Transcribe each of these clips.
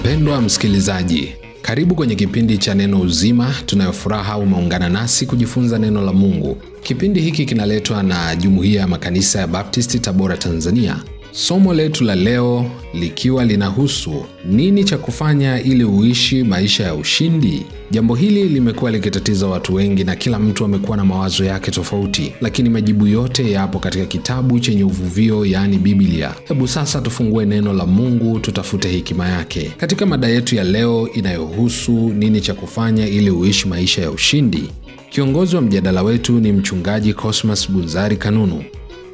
Mpendwa msikilizaji, karibu kwenye kipindi cha Neno Uzima. Tunayofuraha umeungana nasi kujifunza neno la Mungu. Kipindi hiki kinaletwa na Jumuiya ya Makanisa ya Baptisti Tabora, Tanzania Somo letu la leo likiwa linahusu nini cha kufanya ili uishi maisha ya ushindi. Jambo hili limekuwa likitatiza watu wengi na kila mtu amekuwa na mawazo yake tofauti, lakini majibu yote yapo katika kitabu chenye uvuvio, yaani Biblia. Hebu sasa tufungue neno la Mungu, tutafute hekima yake katika mada yetu ya leo inayohusu nini cha kufanya ili uishi maisha ya ushindi. Kiongozi wa mjadala wetu ni Mchungaji Cosmas Bunzari Kanunu.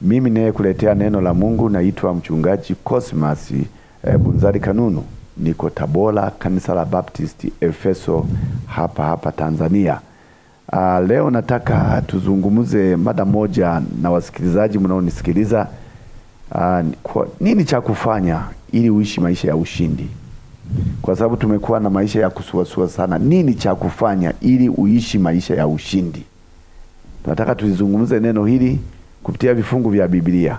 Mimi kuletea neno la Mungu naitwa mchungaji Cosmas eh, Bunzari Kanunu, niko Tabora, kanisa la Baptisti Efeso, hapa hapa Tanzania. Aa, ah, leo nataka tuzungumuze mada moja na wasikilizaji mnaonisikiliza, ah, kwa nini cha kufanya ili uishi maisha ya ushindi, kwa sababu tumekuwa na maisha ya kusuasua sana. Nini cha kufanya ili uishi maisha ya ushindi? Nataka tulizungumze neno hili kupitia vifungu vya Biblia.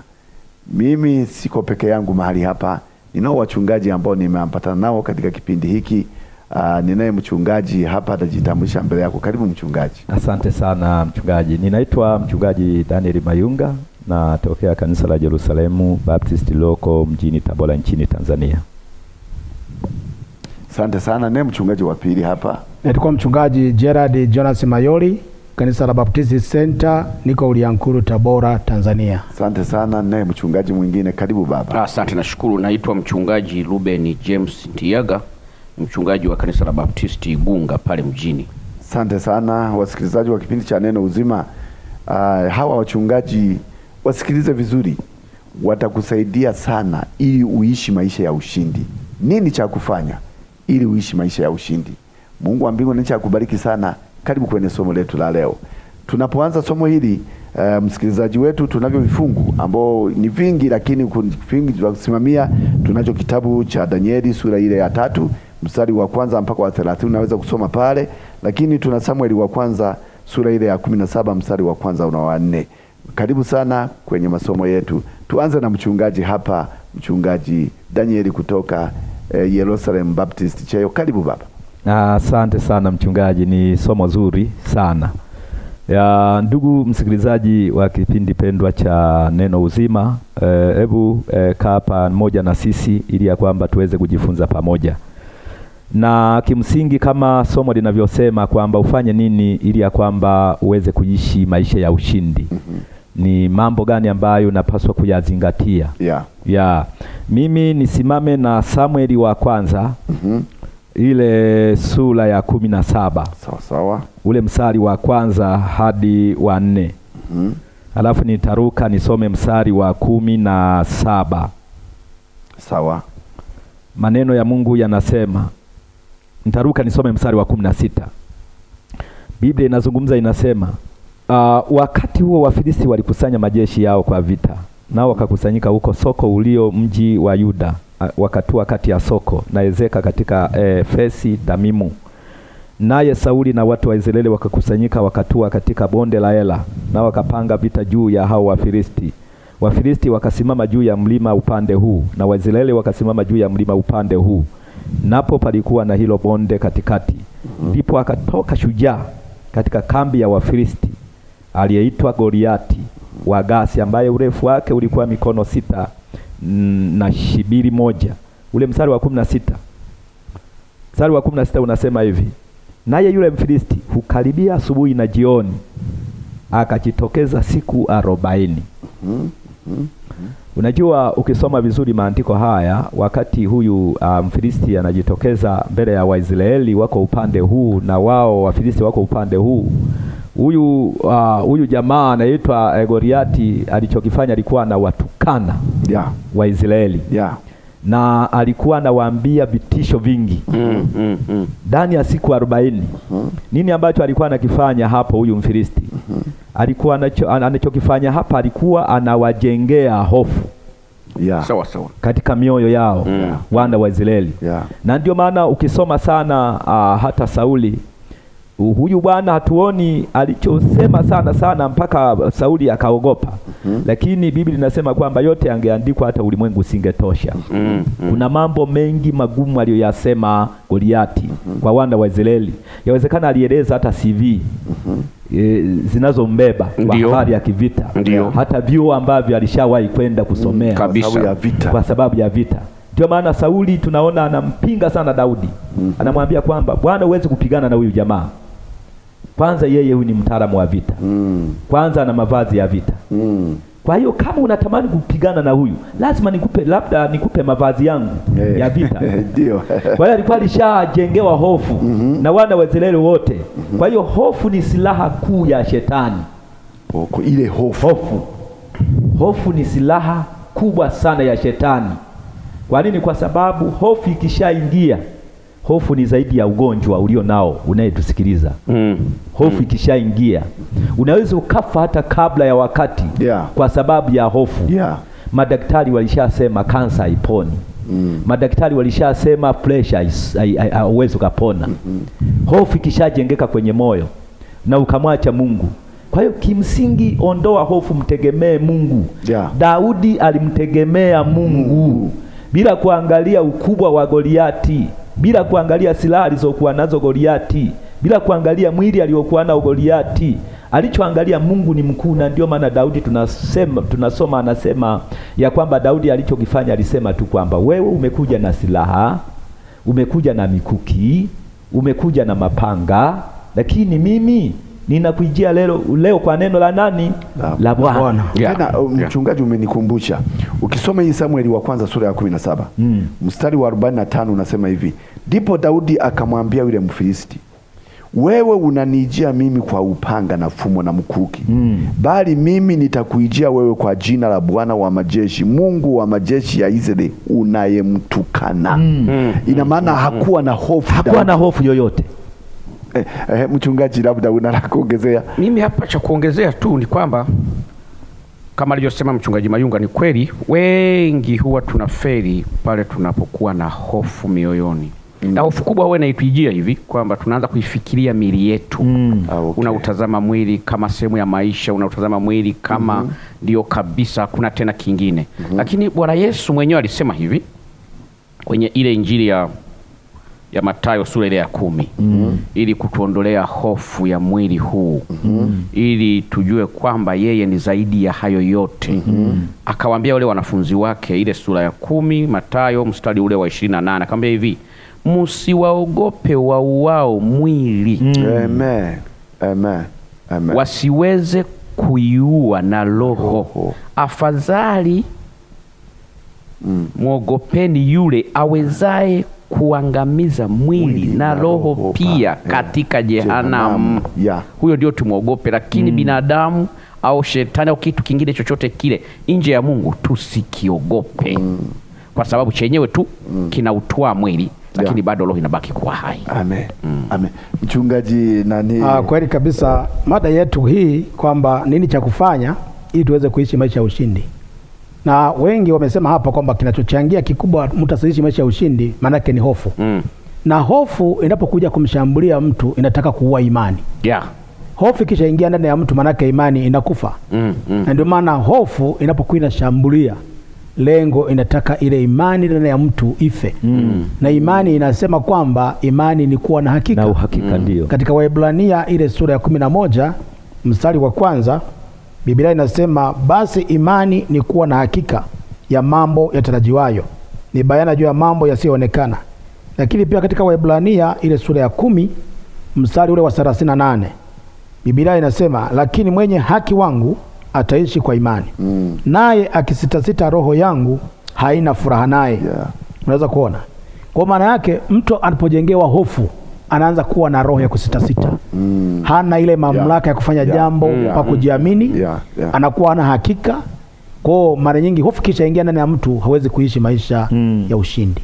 Mimi siko peke yangu mahali hapa, ninao wachungaji ambao nimeampatana nao katika kipindi hiki. Uh, ninaye mchungaji hapa atajitambulisha mbele yako. Karibu mchungaji. Asante sana mchungaji. Ninaitwa mchungaji Daniel Mayunga na tokea kanisa la Yerusalemu Baptist loko mjini Tabora nchini Tanzania. Asante sana. Naye mchungaji wa pili hapa. Naitwa mchungaji Gerard Jonas mayori kanisa la baptisti Center, niko Uliankuru, Tabora, Tanzania. Asante sana. Naye mchungaji mwingine, karibu baba. Asante, nashukuru. Naitwa mchungaji Ruben James ntiaga mchungaji wa kanisa la Baptisti Igunga pale mjini. Asante sana wasikilizaji wa kipindi cha Neno Uzima. Uh, hawa wachungaji wasikilize vizuri, watakusaidia sana ili uishi maisha ya ushindi. Nini cha kufanya ili uishi maisha ya ushindi? Mungu wa mbinguni acha akubariki sana karibu kwenye somo letu la leo. Tunapoanza somo hili uh, msikilizaji wetu, tunavyo vifungu ambao ni vingi, lakini vingi vya kusimamia. Tunacho kitabu cha Danieli sura ile ya tatu mstari wa kwanza mpaka wa 30 unaweza kusoma pale, lakini tuna Samueli wa kwanza sura ile ya kumi na saba mstari wa kwanza una wa nne. Karibu sana kwenye masomo yetu. Tuanze na mchungaji hapa, mchungaji Danieli kutoka eh, Baptist Cheyo. Karibu baba. Asante sana mchungaji, ni somo zuri sana ya ndugu msikilizaji wa kipindi pendwa cha neno uzima. Hebu eh, e, eh, kaa hapa mmoja na sisi ili ya kwamba tuweze kujifunza pamoja, na kimsingi kama somo linavyosema kwamba ufanye nini ili ya kwamba uweze kuishi maisha ya ushindi. mm -hmm. Ni mambo gani ambayo unapaswa kuyazingatia? yeah. Yeah. Mimi nisimame na Samueli wa kwanza mm -hmm ile sura ya kumi na saba sawa sawa, ule msari wa kwanza hadi wa nne mm -hmm. alafu nitaruka nisome msari wa kumi na saba sawa. Maneno ya Mungu yanasema, nitaruka nisome msari wa kumi na sita Biblia inazungumza inasema, uh, wakati huo Wafilisti walikusanya majeshi yao kwa vita, nao wakakusanyika huko Soko ulio mji wa Yuda wakatua kati ya soko na Ezeka katika e, Fesi Damimu. Naye Sauli na watu wa Israeli wakakusanyika wakatua katika bonde la Ela na wakapanga vita juu ya hao Wafilisti. Wafilisti wakasimama juu ya mlima upande huu na Waisraeli wakasimama juu ya mlima upande huu, napo palikuwa na hilo bonde katikati. Mm-hmm. Ndipo mm -hmm. akatoka shujaa katika kambi ya Wafilisti aliyeitwa Goliati wa Gasi, ambaye urefu wake ulikuwa mikono sita na shibiri moja, ule mstari wa kumi na sita mstari wa kumi na sita unasema hivi, naye yule Mfilisti hukaribia asubuhi na jioni, akajitokeza siku arobaini. Unajua, ukisoma vizuri maandiko haya, wakati huyu uh, Mfilisti anajitokeza mbele ya Waisraeli, wako upande huu na wao Wafilisti wako upande huu. Huyu uh, huyu jamaa anaitwa uh, Goliati, alichokifanya alikuwa anawatukana yeah. Waisraeli yeah. na alikuwa anawaambia vitisho vingi ndani mm, mm, mm. ya siku arobaini mm. Nini ambacho alikuwa anakifanya hapo huyu Mfilisti? mm -hmm. alikuwa anachokifanya hapa alikuwa anawajengea hofu Yeah. Sawa, sawa. Katika mioyo yao yeah. Mm. Wana wa Israeli yeah. Na ndio maana ukisoma sana uh, hata Sauli huyu bwana hatuoni alichosema sana sana mpaka Sauli akaogopa. mm -hmm. Lakini Biblia inasema kwamba yote angeandikwa hata ulimwengu usingetosha. mm -hmm. Kuna mambo mengi magumu aliyoyasema Goliati mm -hmm. kwa wana wa Israeli, yawezekana alieleza hata CV mm -hmm. e, zinazombeba kwa habari ya kivita. Ndiyo. hata vyuo ambavyo alishawahi kwenda kusomea mm, Kwa sababu ya vita, kwa sababu ya vita. Ndio maana Sauli tunaona anampinga sana Daudi. mm -hmm. Anamwambia kwamba Bwana, huwezi kupigana na huyu jamaa. Kwanza yeye huyu ni mtaalamu wa vita mm. Kwanza ana mavazi ya vita mm. Kwa hiyo kama unatamani kupigana na huyu lazima nikupe, labda nikupe mavazi yangu hey. Eh. ya vita ndio. Kwa hiyo alikuwa alishajengewa hofu mm -hmm. na wana wa Israeli wote mm -hmm. Kwa hiyo hofu ni silaha kuu ya shetani Boko, oh, ile hofu. Hofu hofu ni silaha kubwa sana ya shetani. Kwa nini? Kwa sababu hofu ikishaingia Hofu ni zaidi ya ugonjwa ulio nao unayetusikiliza. mm. hofu mm. ikishaingia unaweza ukafa hata kabla ya wakati yeah. kwa sababu ya hofu yeah. Madaktari walishasema kansa haiponi. mm. Madaktari walishasema pressure hauwezi ukapona. mm -hmm. Hofu ikishajengeka kwenye moyo na ukamwacha Mungu kwa hiyo kimsingi, ondoa hofu, mtegemee Mungu yeah. Daudi alimtegemea Mungu mm. bila kuangalia ukubwa wa Goliati bila kuangalia silaha alizokuwa nazo Goliati, bila kuangalia mwili aliokuwa nao Goliati. Alichoangalia Mungu ni mkuu, na ndio maana Daudi tunasema, tunasoma anasema ya kwamba Daudi alichokifanya alisema tu kwamba wewe umekuja na silaha, umekuja na mikuki, umekuja na mapanga, lakini mimi ninakuijia leo, leo kwa neno la nani? La Bwana. Yeah. Tena uh, mchungaji, umenikumbusha ukisoma hii Samueli wa kwanza sura ya kumi na saba mm. mstari wa arobaini na tano unasema hivi, ndipo Daudi akamwambia yule Mfilisti, wewe unanijia mimi kwa upanga na fumo na mkuki mm. bali mimi nitakuijia wewe kwa jina la Bwana wa majeshi, Mungu wa majeshi ya Israeli unayemtukana. mm. ina maana mm. hakuwa na hofu, hakuwa na hofu yoyote eh, eh, mchungaji labda la kuongezea? Mimi hapa cha kuongezea tu ni kwamba kama alivyosema mchungaji Mayunga, ni kweli wengi huwa tunaferi pale tunapokuwa na hofu mioyoni mm. na hofu kubwa huwa inaitujia hivi kwamba tunaanza kuifikiria mili yetu mm. ah, okay. Unautazama mwili kama sehemu ya maisha, unautazama mwili kama mm -hmm. ndio kabisa, hakuna tena kingine mm -hmm. Lakini Bwana Yesu mwenyewe alisema hivi kwenye ile Injili ya ya Mathayo sura ile ya kumi mm. ili kutuondolea hofu ya mwili huu mm. ili tujue kwamba yeye ni zaidi ya hayo yote mm. Akawaambia wale wanafunzi wake, ile sura ya kumi Mathayo mstari ule wa ishirini na nane akamwambia hivi, msiwaogope wauwao mwili mm. Amen. Amen. Amen. wasiweze kuiua na roho Afadhali mm. mwogopeni yule awezaye kuangamiza mwili, mwili na roho, pia pa, eh, katika yeah, jehanamu yeah. Huyo ndio tumwogope, lakini mm. binadamu au shetani au kitu kingine chochote kile nje ya Mungu tusikiogope mm. kwa sababu chenyewe tu mm. kinautwaa mwili lakini yeah. bado roho inabaki kuwa hai. Amen. Mm. Amen. Mchungaji nani? Ah, kweli kabisa mada yetu hii kwamba nini cha kufanya ili tuweze kuishi maisha ya ushindi na wengi wamesema hapa kwamba kinachochangia kikubwa mtu asiishi maisha ya ushindi maanake ni hofu mm. na hofu inapokuja kumshambulia mtu inataka kuua imani yeah. hofu ikishaingia ndani ya mtu maanake imani inakufa mm, mm. na ndio maana hofu inapokuwa inashambulia lengo inataka ile imani ndani ya mtu ife mm. na imani inasema kwamba imani ni kuwa na hakika na uhakika mm. katika Waebrania ile sura ya kumi na moja mstari wa kwanza Biblia inasema basi imani ni kuwa na hakika ya mambo yatarajiwayo, ni bayana juu ya mambo yasiyoonekana. Lakini pia katika Waebrania ile sura ya kumi mstari ule wa thelathini na nane Biblia inasema lakini mwenye haki wangu ataishi kwa imani mm. naye akisitasita, roho yangu haina furaha naye. Yeah. Unaweza kuona kwa maana yake mtu anapojengewa hofu anaanza kuwa na roho ya kusitasita mm. hana ile mamlaka yeah. ya kufanya yeah. jambo yeah. pa kujiamini yeah. yeah. anakuwa ana hakika kwao. Mara nyingi hofu kisha ingia ndani ya mtu, hawezi kuishi maisha mm. ya ushindi.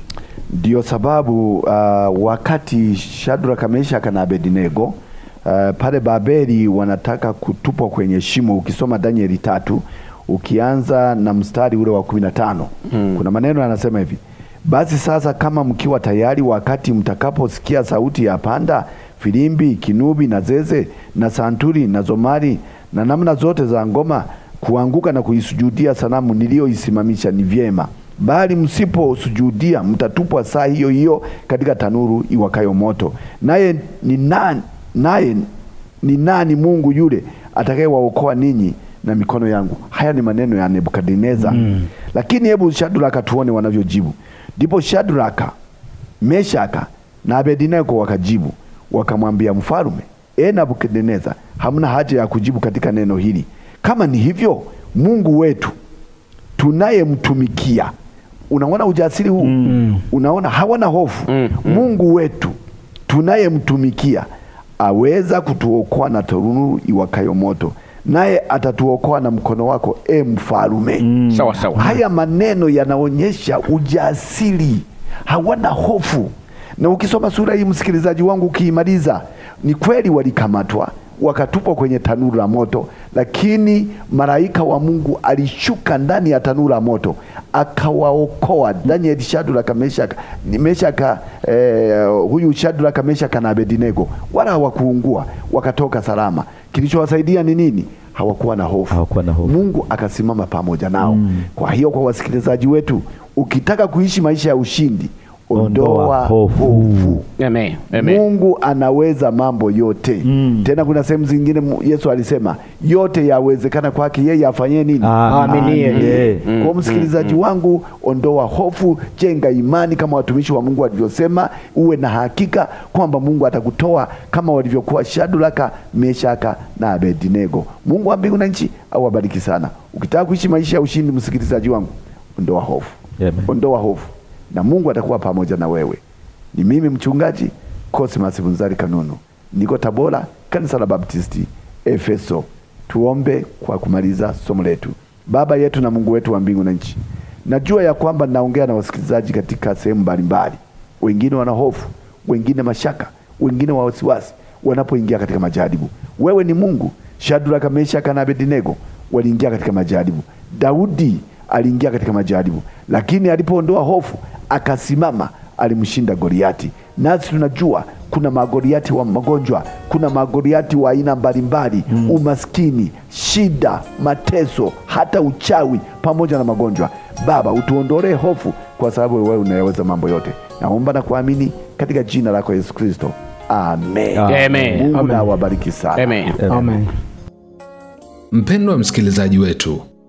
Ndio sababu uh, wakati Shadraka, Meshaki na Abednego uh, pale Babeli wanataka kutupwa kwenye shimo, ukisoma Danieli tatu ukianza na mstari ule wa kumi na tano mm. kuna maneno yanasema hivi basi sasa, kama mkiwa tayari, wakati mtakaposikia sauti ya panda, filimbi, kinubi na zeze na santuri na zomari na namna zote za ngoma, kuanguka na kuisujudia sanamu niliyoisimamisha ni vyema, bali msiposujudia mtatupwa saa hiyo hiyo katika tanuru iwakayo moto. Naye ni nani, naye ni nani Mungu yule atakayewaokoa ninyi na mikono yangu? Haya ni maneno ya Nebukadineza. Mm. Lakini hebu Shadraka, tuone wanavyojibu. Ndipo Shadraka, Meshaka na Abednego wakajibu wakamwambia mfalme, e Nabukadneza, hamna haja ya kujibu katika neno hili. Kama ni hivyo, Mungu wetu tunayemtumikia. Unaona ujasiri huu? mm. Unaona hawana hofu mm, mm. Mungu wetu tunayemtumikia aweza kutuokoa na torunu iwakayo moto, naye atatuokoa na mkono wako, e mfalume. Mm. Sawa sawa. Haya maneno yanaonyesha ujasiri, hawana hofu. Na ukisoma sura hii, msikilizaji wangu, ukiimaliza, ni kweli walikamatwa wakatupwa kwenye tanuru la moto, lakini malaika wa Mungu alishuka ndani ya tanuru la moto akawaokoa. Danieli, Shadraka, Meshaka, Meshaka eh, huyu Shadraka, Meshaka na Abednego wala hawakuungua, wakatoka salama. Kilichowasaidia ni nini? Hawakuwa na hofu, hawakuwa na hofu. Mungu akasimama pamoja nao. Mm. Kwa hiyo kwa wasikilizaji wetu, ukitaka kuishi maisha ya ushindi kuondoa hofu. Amen. Amen. Mungu anaweza mambo yote mm. Tena kuna sehemu zingine Yesu alisema yote yawezekana kwake yeye afanyiye nini? Aaminie. Mm. Mm. Kwa mm, msikilizaji wangu, ondoa hofu, jenga imani kama watumishi wa Mungu walivyosema, uwe na hakika kwamba Mungu atakutoa kama walivyokuwa Shadulaka, Meshaka na Abednego. Mungu wa mbingu na nchi awabariki sana. Ukitaka kuishi maisha ya ushindi, msikilizaji wangu, ondoa hofu, ondoa hofu na Mungu atakuwa pamoja na wewe. Ni mimi mchungaji Cosmas Bunzari Kanunu, niko Tabora, kanisa la Baptisti Efeso. Tuombe kwa kumaliza somo letu. Baba yetu na Mungu wetu wa mbingu na nchi, najua ya kwamba naongea na wasikilizaji katika sehemu mbalimbali, wengine wana hofu, wengine mashaka, wengine wa wasiwasi wanapoingia katika majaribu. Wewe ni Mungu. Shadraka, Meshaka na Abednego waliingia katika majaribu. Daudi aliingia katika majaribu, lakini alipoondoa hofu akasimama, alimshinda Goliati. Nasi tunajua kuna magoliati wa magonjwa, kuna magoliati wa aina mbalimbali mm. Umaskini, shida, mateso, hata uchawi pamoja na magonjwa. Baba, utuondolee hofu, kwa sababu wewe unayaweza mambo yote. Naomba na kuamini katika jina lako Yesu Kristo, amen. Amen. Mungu awabariki sana. Amen. Amen. Amen. Mpendwa msikilizaji wetu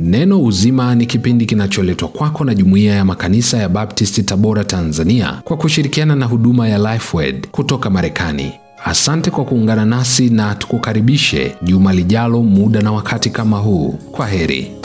Neno Uzima ni kipindi kinacholetwa kwako na Jumuiya ya Makanisa ya Baptisti Tabora, Tanzania, kwa kushirikiana na huduma ya Lifewed kutoka Marekani. Asante kwa kuungana nasi na tukukaribishe juma lijalo, muda na wakati kama huu. Kwa heri.